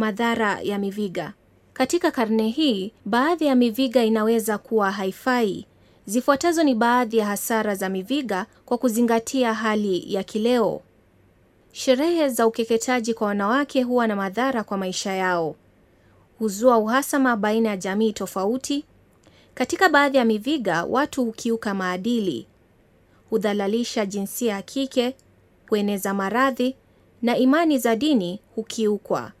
Madhara ya miviga. Katika karne hii, baadhi ya miviga inaweza kuwa haifai. Zifuatazo ni baadhi ya hasara za miviga kwa kuzingatia hali ya kileo. Sherehe za ukeketaji kwa wanawake huwa na madhara kwa maisha yao. Huzua uhasama baina ya jamii tofauti. Katika baadhi ya miviga, watu hukiuka maadili, hudhalalisha jinsia ya kike, kueneza maradhi na imani za dini hukiukwa.